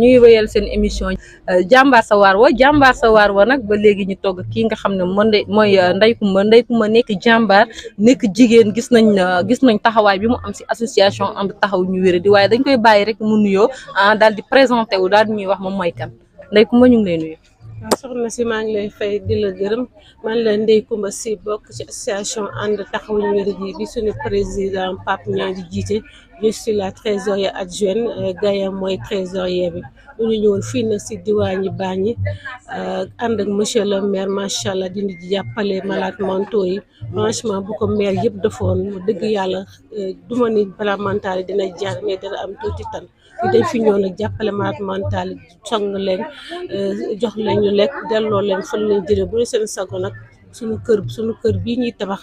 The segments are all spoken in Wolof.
ñuy wéyal seen émission euh, jàmbaar sa waar wa jàmbaar sa waar wa nag ba léegi ñu togg kii nga xam ne mën mooy euh, Ndeye kumba Ndeye Coumba nekk jàmbaar nekk jigéen gis nañ euh, gis nañ taxawaay bi mu am si association am Taxawu Ñu Wéradi waaye dañ koy bàyyi rek mu nuyoo ah, daal di présenté wu daal di ñuy wax ma mooy kan Ndeye Coumba ñu ngi lay nuyu. soxna si maa ngi lay fay di la gërëm ngi la Ndeye Coumba si bokk ci association And Taxawu Ñu Wéradi bi suñu président Pape Niang di jiite. je suis la trésorière adjointe euh, Gaye mooy trésorier bi ñu ñu ñëwoon fii na si diwaan yi Bargny euh, ànd ak monsieur le maire macha allah dindi jàppale malades mentaux yi franchement bu ko maire yëpp defoon dëgg yàlla euh, du ma ni balaa mentale dina jaar mais dina am tuuti tan ñu dañ fi ñëw nag jàppale malades mentaux song leen jox leen ñu lekk delloo leen fan leen jëlee bu seen sago nag. suñu kër suñu kër bii ñuy tabax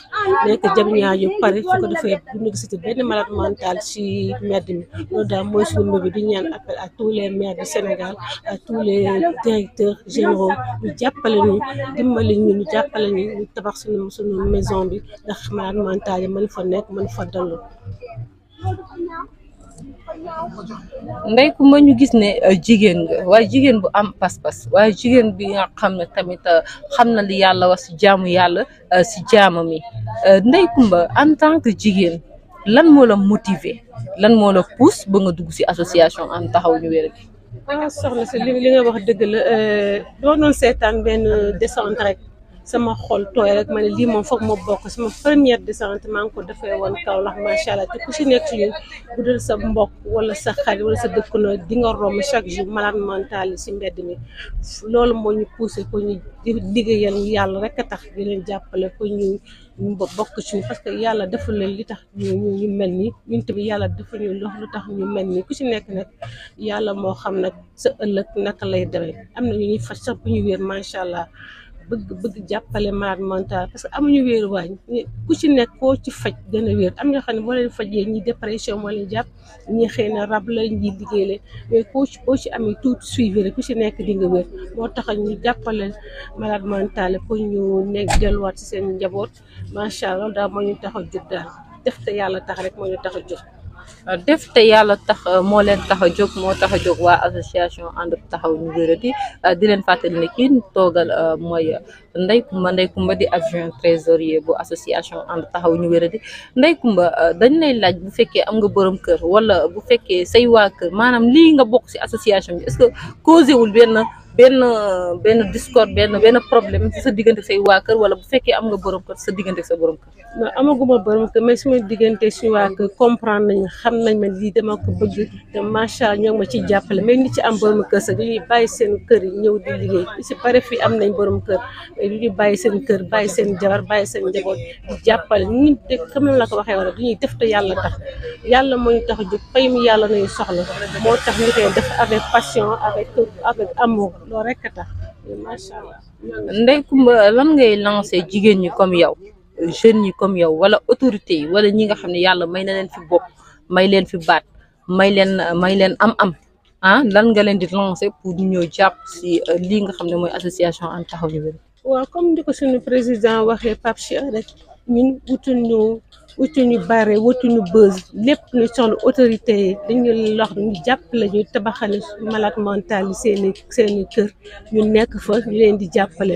nekk jam ñaayu pare su ko defee bu ñu gisati benn malade mental ci mbedd mi loolu daal mooy suñu mbir bi di ñaan appel à tous les maires du Sénégal à tous les directeurs généraux ñu jàppale ni dimbali ñu ñu jàppale ñu ñu tabax suñu suñu maison bi ndax malade mental yi mën fa nekk mën fa dallu ndey ku ma ñu gis ne euh, jigéen nga waaye jigéen bu am pas-pas waaye jigéen bi nga xam ne tamit euh, xam na li yàlla wax si jaamu yàlla si euh, jaamam yi ndey kumba en tant que jigéen lan moo la motiver lan moo la pousse ba nga dugg si association am taxaw ñu wér gi ah soxna si seetaan benn descente sama xol tooy rek ma ne lii moom foog ma bokk sama première descente maa ko defee woon Kaolack macha allah te ku si nekk sa mbokk wala sa xarit wala sa dëkkandoo di nga romb chaque jour malade mental si mbedd mi loolu moo ñu poussé ko ñu liggéeyal yàlla rek a tax di jàppale ko ñu ñu bokk ci parce que yàlla defal leen li tax mel ni ñun tamit yàlla defal ñu lox lu tax ñu mel ni ku si nekk nag yàlla moo xam nag sa ëllëg naka lay demee am na ñu ñuy faj sax bu ñu wér macha allah. bëgg bëgg jàppale malade mental parce que amuñu wéeruwaay ku ci nekk koo ci faj gën a wéer am ñoo xam ne boo faj fajee ñi dépression moo leen jàpp ñi xëy na rab la ñi liggéey la mais koo ci koo tout suivi ku ci nekk di nga wéer moo tax ñu jàppale malade mental pour ñu nekk delluwaat ci seen njaboot macha allah daal moo ñu tax a jóg daal def te yàlla tax rek moo ñu tax a jóg def te yàlla tax euh, moo leen tax a jóg moo tax a jóg waa association ànd taxaw ñu wéradi euh, di leen fàttali ne kii toogal euh, mooy Ndeye Kumba Ndeye Kumba di adjoint trésorier bu association ànd taxaw ñu wéradi Ndeye Kumba dañ lay laaj bu fekkee am nga borom kër wala bu fekkee say waa kër maanaam lii nga bokk si association bi est-ce que causé wul benn benn benn discorde benn benn problème sa diggante say waa kër wala bu fekkee am nga borom kër sa diggante sa borom kër. non amaguma borom kër suma diggante si waa kër comprendre nañ xam nañ ma lii dama ko bëgg te macha allah ñoo ma ci jàppale mais ni ci am borom kër sax dañuy bàyyi seen kër yi ñëw di liggéey si pare fii am nañ borom kër dañuy bàyyi seen kër bàyyi seen jabar bàyyi seen njaboot jàppale ñu de comme la ko waxee wala du def te yàlla tax yàlla moo ñu tax a jóg fay mu yàlla nañu soxla moo tax ñu koy def avec passion avec amour. loolu rek a tax macha allah. Ndeye Comba lan ngay lancé jigéen ñi comme yow jeunes yi comme yow wala autorité yi wala ñi nga xam ne yàlla may na leen fi bopp may leen fi baat may leen may leen am-am ah lan nga leen di lancé pour ñu ñëw jàpp si euh, lii nga xam ne mooy association Ànd Taxawu ñu Wér. waaw comme ni ko président waxee Pape Cheikh rek ñun utul ñu. ñu bare wutuñu bës lépp ñu soxla autorité yi dañu lox ñu jàppale ñu tabaxale malade mental yi seeni seeni kër ñu nekk fa ñu leen di jàppale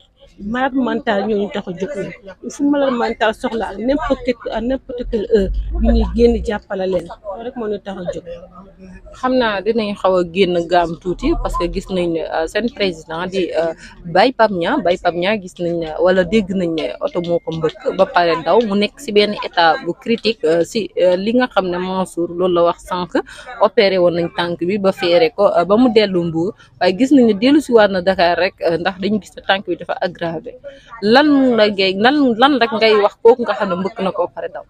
malade mental ñu tax a ñu fu malade mental soxla ak n'importe ak n'importe quelle heure ñu ñuy génn jàppale leen rek mo ñu tax a xamna dinañ xawa génn gaam parce que gis nañ sen président di eh, bay pamnya bay pamnya gis nañ wala deg nañ ne auto moko mbeuk ba paré ndaw mu nek si ben état eh, bu critique eh, ci li nga xam Mansour loolu la wax sank opéré won nañ tank bi ba féré ko ba mu delu Mbour waaye gis nañ ne dellu si na Dakar rek ndax dañu gis tank bi dafa agra bi lan la lan lan rek ngay wax kooku nga xam ne mbëkk na ko pare daw.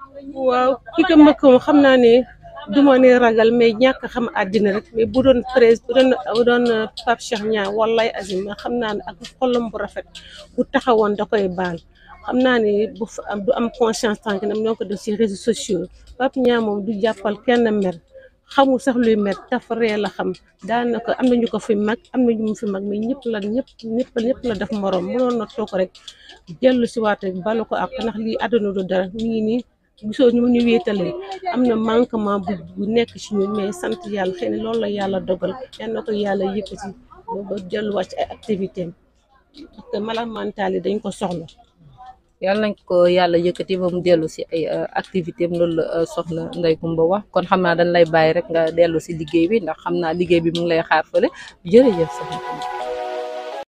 waaw ki ko mbëkk moom xam naa ne du ma ne ragal mais ñàkk xam àddina rek mais bu doon presse bu doon bu doon euh, Pape Cheikh Niang wallaay xam naa ne ak xolam bu rafet bu taxawoon da koy baal. xam naa ni bu du am conscience tànk nam ñoo ko def ci réseaux sociaux Pape Niang moom du jàppal kenn mer. xamul sax luy met taf ree la xam na daanaka am na ñu ko fi mag am na ñu fi mag mais ñëpp la ñëpp ñëpp ñëpp la def morom mënoon na toog rek jellu si waat rek balu ko ak ndax lii àdduna du dara mi ngi nii gisoo ñu ñu wéetalee am na manquement bu bu nekk ci ñun mais sant yàlla xëy na loolu la yàlla dogal yan yàlla yëkkati ba ba ci ay activité am parce que malade mental yi dañ ko soxla yàlla nañ ko yàlla yëkkati ba mu dellu si ay euh, activité am loolu la euh, soxna Ndeye Comba wax kon xam naa dañ lay bàyyi rek nga dellu si liggéey bi ndax xam naa liggéey bi mu ngi lay xaar fële jërëjëf soxna